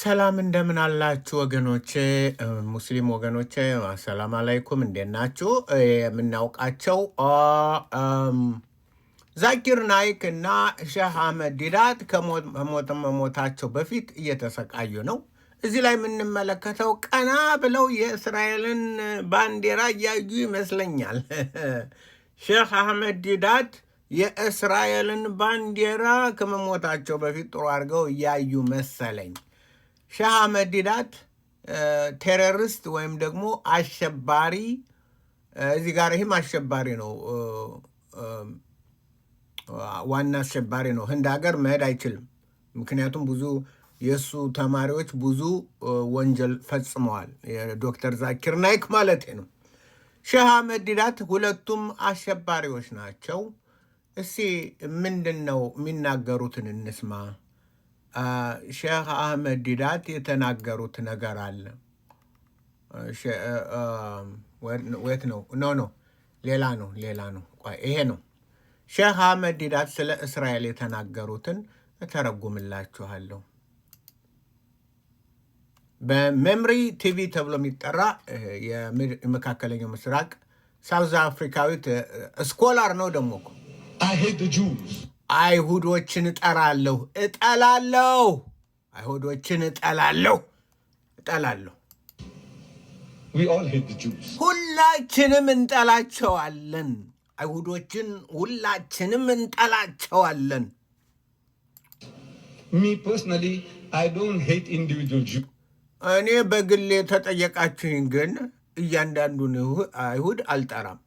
ሰላም እንደምን አላችሁ ወገኖቼ፣ ሙስሊም ወገኖቼ፣ አሰላም አላይኩም። እንዴት ናችሁ? የምናውቃቸው ዛኪር ናይክ እና ሼህ አህመድ ዲዳት ከሞት መሞታቸው በፊት እየተሰቃዩ ነው። እዚህ ላይ የምንመለከተው ቀና ብለው የእስራኤልን ባንዲራ እያዩ ይመስለኛል። ሼህ አህመድ ዲዳት የእስራኤልን ባንዲራ ከመሞታቸው በፊት ጥሩ አድርገው እያዩ መሰለኝ። ሻህ መዲዳት ቴሮሪስት ወይም ደግሞ አሸባሪ እዚህ ጋር ይህም አሸባሪ ነው፣ ዋና አሸባሪ ነው። ህንድ ሀገር መሄድ አይችልም። ምክንያቱም ብዙ የእሱ ተማሪዎች ብዙ ወንጀል ፈጽመዋል። ዶክተር ዛኪር ናይክ ማለት ነው። ሻህ አህመድ ዲዳት ሁለቱም አሸባሪዎች ናቸው። እስኪ ምንድን ነው የሚናገሩትን እንስማ። ሼህ አህመድ ዲዳት የተናገሩት ነገር አለ። ወት ነው ኖ ኖ ሌላ ነው ሌላ ነው ይሄ ነው ሼህ አህመድ ዲዳት ስለ እስራኤል የተናገሩትን እተረጉምላችኋለሁ። በሜምሪ ቲቪ ተብሎ የሚጠራ የመካከለኛው ምስራቅ ሳውዝ አፍሪካዊት ስኮላር ነው ደግሞ አይሁዶችን እጠራለሁ እጠላለሁ አይሁዶችን እጠላለሁ እጠላለሁ። ሁላችንም እንጠላቸዋለን። አይሁዶችን ሁላችንም እንጠላቸዋለን። እኔ በግሌ ተጠየቃችሁኝ፣ ግን እያንዳንዱን አይሁድ አልጠራም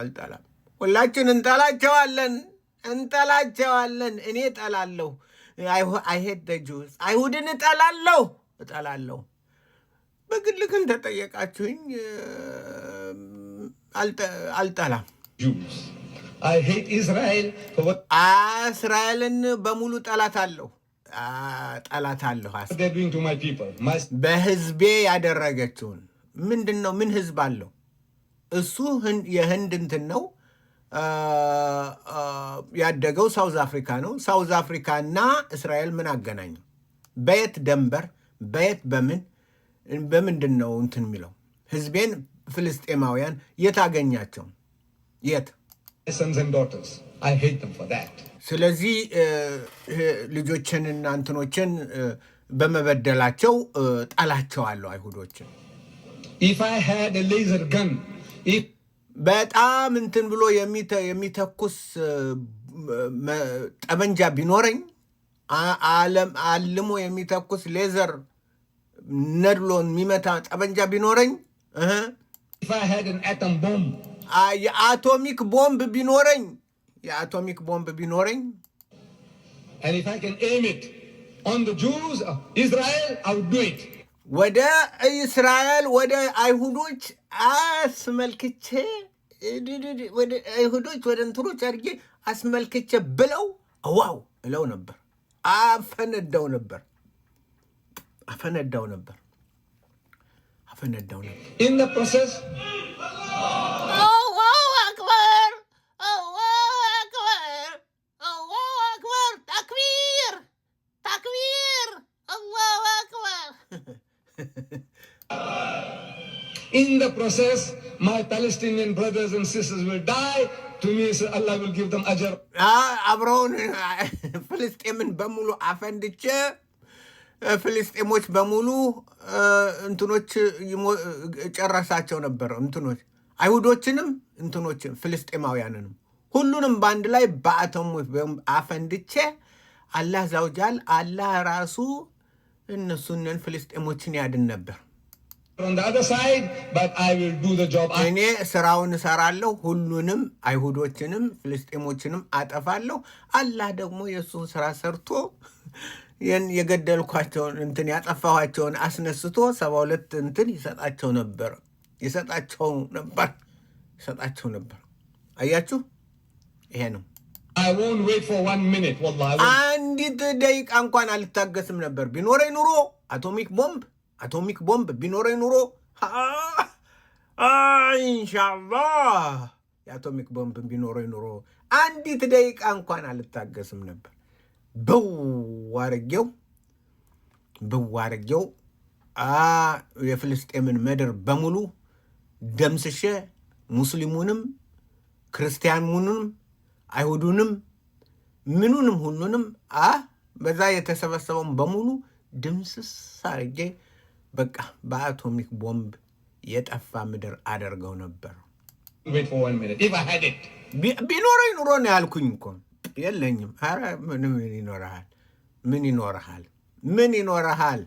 አልጠላም። ሁላችን እንጠላቸዋለን። እንጠላቸዋለን። እኔ እጠላለሁ። አይሄድ ደጁስ አይሁድን እጠላለሁ እጠላለሁ። በግል ግን ተጠየቃችሁኝ፣ አልጠላም። እስራኤልን በሙሉ ጠላት አለሁ ጠላት አለሁ። በህዝቤ ያደረገችውን ምንድን ነው? ምን ህዝብ አለው? እሱ የህንድ እንትን ነው ያደገው ሳውዝ አፍሪካ ነው። ሳውዝ አፍሪካ እና እስራኤል ምን አገናኙ? በየት ደንበር፣ በየት በምን በምንድን ነው እንትን የሚለው ህዝቤን ፍልስጤማውያን የት አገኛቸው? የት? ስለዚህ ልጆችንና እንትኖችን በመበደላቸው ጠላቸዋለሁ አይሁዶችን በጣም እንትን ብሎ የሚተኩስ ጠመንጃ ቢኖረኝ አልሞ የሚተኩስ ሌዘር ነድሎን የሚመታ ጠመንጃ ቢኖረኝ የአቶሚክ ቦምብ ቢኖረኝ የአቶሚክ ቦምብ ቢኖረኝ ወደ እስራኤል ወደ አይሁዶች አስመልክቼ አይሁዶች ወደ እንትኖች አድርጌ አስመልክቼ ብለው ዋው እለው ነበር። አፈነዳው ነበር አፈነዳው ነበር አፈነዳው ነበር። ተክቢር አክበር In the process, my Palestinian brothers and sisters will die. To me, Allah will give them ajr. አብረውን ah, ፍልስጤምን በሙሉ አፈንድቼ ፍልስጤሞች በሙሉ እንትኖች ጨረሳቸው ነበር። እንትኖች አይሁዶችንም እንትኖችን ፍልስጤማውያንንም ሁሉንም በአንድ ላይ በአተሞች አፈንድቼ አላህ ዛውጃል አላህ ራሱ እነሱንን ፍልስጤሞችን ያድን ነበር። እኔ ስራውን እሰራለሁ፣ ሁሉንም አይሁዶችንም ፍልስጤሞችንም አጠፋለሁ። አላህ ደግሞ የእሱን ስራ ሰርቶ ይህን የገደልኳቸውን እንትን ያጠፋኋቸውን አስነስቶ ሰባ ሁለት እንትን ይሰጣቸው ነበር ይሰጣቸው ነበር ይሰጣቸው ነበር። አያችሁ፣ ይሄ ነው። አንዲት ደቂቃ እንኳን አልታገስም ነበር። ቢኖረኝ ኑሮ አቶሚክ ቦምብ አቶሚክ ቦምብ ቢኖረ ኑሮ ኢንሻላ የአቶሚክ ቦምብ ቢኖረ ኑሮ አንዲት ደቂቃ እንኳን አልታገስም ነበር። ብዋርጌው ብዋርጌው የፍልስጤምን ምድር በሙሉ ደምስሸ ሙስሊሙንም ክርስቲያኑንም አይሁዱንም ምኑንም ሁሉንም አ በዛ የተሰበሰበውን በሙሉ ድምስስ አርጌ በቃ በአቶሚክ ቦምብ የጠፋ ምድር አደርገው ነበር። ቢኖረኝ ኑሮ ነው ያልኩኝ እኮ የለኝም። ኧረ ምን ይኖረሃል? ምን ይኖረሃል? ምን ይኖረሃል?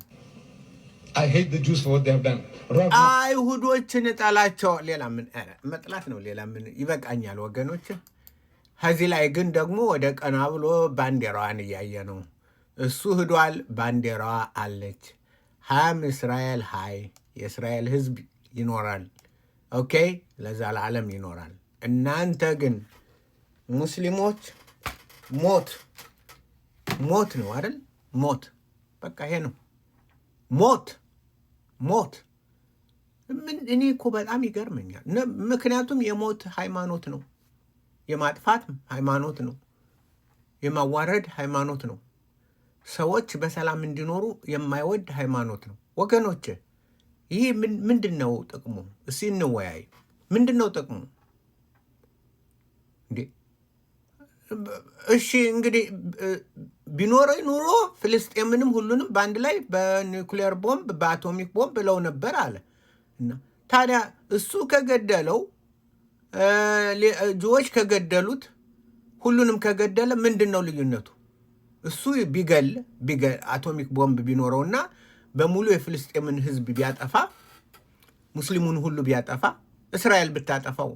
አይሁዶችን እጠላቸው። ሌላ ምን መጥላት ነው? ሌላ ምን ይበቃኛል ወገኖች። ከዚህ ላይ ግን ደግሞ ወደ ቀና ብሎ ባንዴራዋን እያየ ነው። እሱ ሂዷል፣ ባንዴራዋ አለች። ሀም እስራኤል ሀይ የእስራኤል ህዝብ ይኖራል። ኦኬ ለዛ ለዓለም ይኖራል። እናንተ ግን ሙስሊሞች ሞት ሞት ነው አይደል? ሞት በቃ ይሄ ነው ሞት ሞት። እኔ እኮ በጣም ይገርመኛል። ምክንያቱም የሞት ሃይማኖት ነው፣ የማጥፋት ሃይማኖት ነው፣ የማዋረድ ሃይማኖት ነው። ሰዎች በሰላም እንዲኖሩ የማይወድ ሃይማኖት ነው። ወገኖች ይህ ምንድን ነው ጥቅሙ? እስኪ እንወያይ። ምንድን ነው ጥቅሙ? እሺ እንግዲህ ቢኖረ ኑሮ ፍልስጤምንም ሁሉንም በአንድ ላይ በኒውክሌር ቦምብ በአቶሚክ ቦምብ ብለው ነበር አለ እና ታዲያ እሱ ከገደለው ጆዎች ከገደሉት ሁሉንም ከገደለ ምንድን ነው ልዩነቱ? እሱ ቢገል አቶሚክ ቦምብ ቢኖረውና በሙሉ የፍልስጤምን ህዝብ ቢያጠፋ ሙስሊሙን ሁሉ ቢያጠፋ እስራኤል ብታጠፋው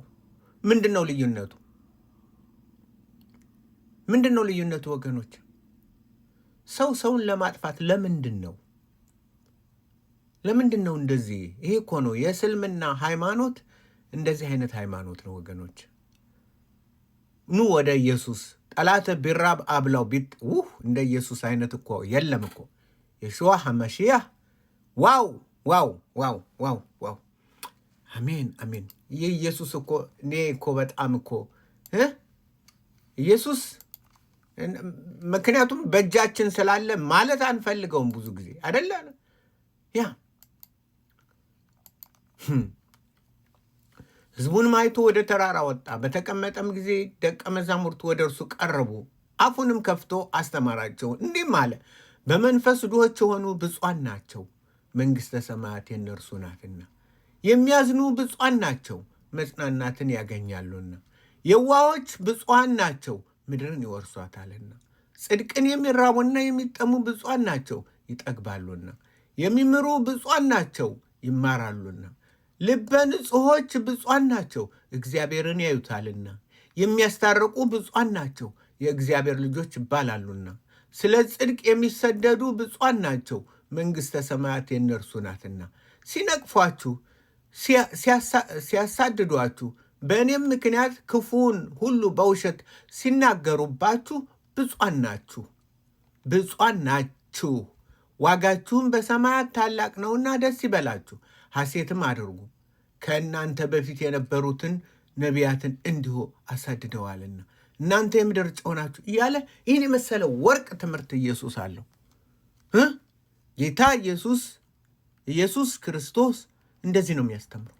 ምንድን ነው ልዩነቱ? ምንድን ነው ልዩነቱ? ወገኖች ሰው ሰውን ለማጥፋት ለምንድን ነው ለምንድን ነው እንደዚህ? ይሄ እኮ ነው የእስልምና ሃይማኖት። እንደዚህ አይነት ሃይማኖት ነው ወገኖች። ኑ ወደ ኢየሱስ ጠላት ቢራብ አብላው ቢጥ ውህ እንደ ኢየሱስ አይነት እኮ የለም እኮ የሸዋ ሐመሽያ ዋው ዋው ዋው ዋው ዋው አሜን አሜን። ይህ ኢየሱስ እኮ እኔ እኮ በጣም እኮ ኢየሱስ ምክንያቱም በእጃችን ስላለ ማለት አንፈልገውም ብዙ ጊዜ አይደለ ያ ሕዝቡንም አይቶ ወደ ተራራ ወጣ። በተቀመጠም ጊዜ ደቀ መዛሙርቱ ወደ እርሱ ቀረቡ። አፉንም ከፍቶ አስተማራቸው እንዲህም አለ፣ በመንፈስ ድሆች የሆኑ ብፁዓን ናቸው፣ መንግሥተ ሰማያት የእነርሱ ናትና። የሚያዝኑ ብፁዓን ናቸው፣ መጽናናትን ያገኛሉና። የዋዎች ብፁዓን ናቸው፣ ምድርን ይወርሷታልና። ጽድቅን የሚራቡና የሚጠሙ ብፁዓን ናቸው፣ ይጠግባሉና። የሚምሩ ብፁዓን ናቸው፣ ይማራሉና። ልበ ንጹሖች ብፁዓን ናቸው እግዚአብሔርን ያዩታልና፣ የሚያስታርቁ ብፁዓን ናቸው የእግዚአብሔር ልጆች ይባላሉና፣ ስለ ጽድቅ የሚሰደዱ ብፁዓን ናቸው መንግሥተ ሰማያት የእነርሱ ናትና። ሲነቅፏችሁ፣ ሲያሳድዷችሁ፣ በእኔም ምክንያት ክፉውን ሁሉ በውሸት ሲናገሩባችሁ ብፁዓን ናችሁ ብፁዓን ናችሁ ዋጋችሁም በሰማያት ታላቅ ነውና ደስ ይበላችሁ፣ ሐሴትም አድርጉ። ከእናንተ በፊት የነበሩትን ነቢያትን እንዲሁ አሳድደዋልና እናንተ የምድር ዕፅ ሆናችሁ እያለ ይህን የመሰለ ወርቅ ትምህርት ኢየሱስ አለው። ጌታ ኢየሱስ ኢየሱስ ክርስቶስ እንደዚህ ነው የሚያስተምረው።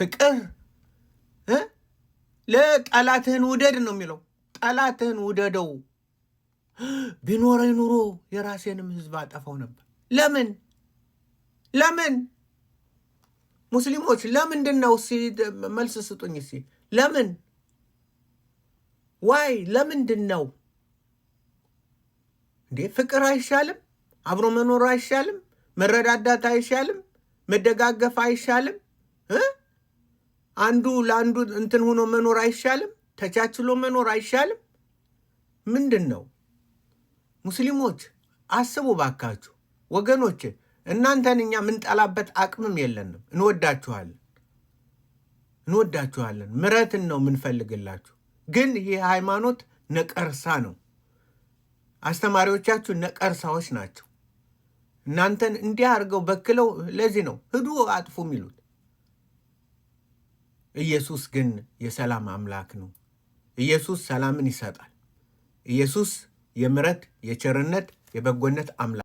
ፍቅር ለጠላትህን ውደድ ነው የሚለው። ጠላትህን ውደደው። ቢኖረ ኑሮ የራሴንም ሕዝብ አጠፋው ነበር። ለምን ለምን ሙስሊሞች ለምንድን ነው መልስ ስጡኝ። እስኪ ለምን ዋይ ለምንድን ነው እንዴ? ፍቅር አይሻልም? አብሮ መኖር አይሻልም? መረዳዳት አይሻልም? መደጋገፍ አይሻልም? አንዱ ለአንዱ እንትን ሆኖ መኖር አይሻልም? ተቻችሎ መኖር አይሻልም? ምንድን ነው ሙስሊሞች አስቡ ባካችሁ ወገኖቼ። እናንተን እኛ ምንጠላበት አቅምም የለንም። እንወዳችኋለን እንወዳችኋለን። ምረትን ነው ምንፈልግላችሁ። ግን ይህ ሃይማኖት ነቀርሳ ነው። አስተማሪዎቻችሁ ነቀርሳዎች ናቸው። እናንተን እንዲህ አድርገው በክለው ለዚህ ነው ሂዱ አጥፉ የሚሉት። ኢየሱስ ግን የሰላም አምላክ ነው። ኢየሱስ ሰላምን ይሰጣል። ኢየሱስ የምረት የቸርነት የበጎነት አምላክ